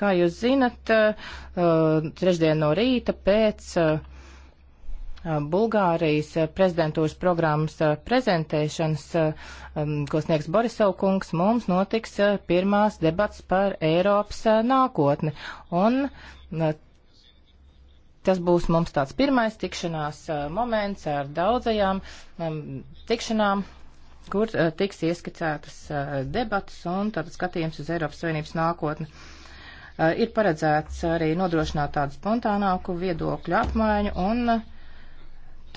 Kā jūs zinat, uh, trešdien no rīta pēc uh, Bulgārijas prezidentūras programmas uh, prezentēšanas, um, ko sniegs Borisov kungs, mums notiks pirmās debats par Eiropas nākotni. Un tas būs mums tāds pirmais tikšanās moments ar daudzajām um, tikšanām kur tiks ieskicētas debatas un tātad skatījums uz Eiropas Savienības nākotni. Eh, ir paredzēts arī nodrošināt tādu spontānāku viedokļu apmaiņu, un eh,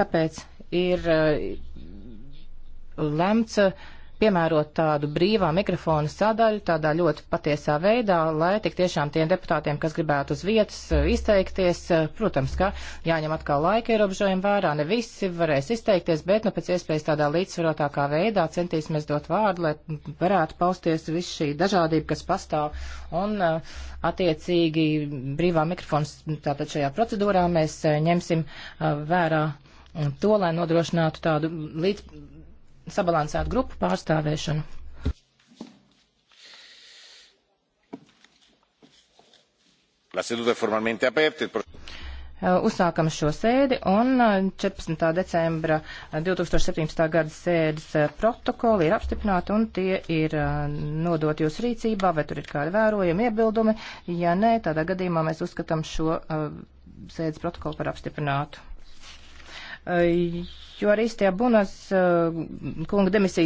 tāpēc ir eh, lemts piemērot tādu brīvā mikrofona sadaļu tādā ļoti patiesā veidā, lai tik tiešām tiem deputātiem, kas gribētu uz vietas eh, izteikties, eh, protams, ka jāņem atkal laika ierobežojumi vērā, ne visi varēs izteikties, bet nu pēc iespējas tādā līdzsvarotākā veidā centīsimies dot vārdu, lai varētu pausties viss šī dažādība, kas pastāv. Un eh, attiecīgi brīvā mikrofona nu, tātad šajā procedūrā mēs ņemsim vērā to, lai nodrošinātu tādu līdz sabalansētu grupu pārstāvēšanu. La seduta è formalmente aperta. Eh, uzsākam šo sēdi un 14. Eh, decembra 2017. Eh, gada sēdes protokoli ir apstiprināti un tie ir nodot jūsu rīcībā, vai tur ir kādi vērojumi, iebildumi. Ja nē, tādā gadījumā mēs uzskatām šo sēdes protokolu par apstiprinātu. Eh, jo arī Stijā Bunas eh, kunga demisijas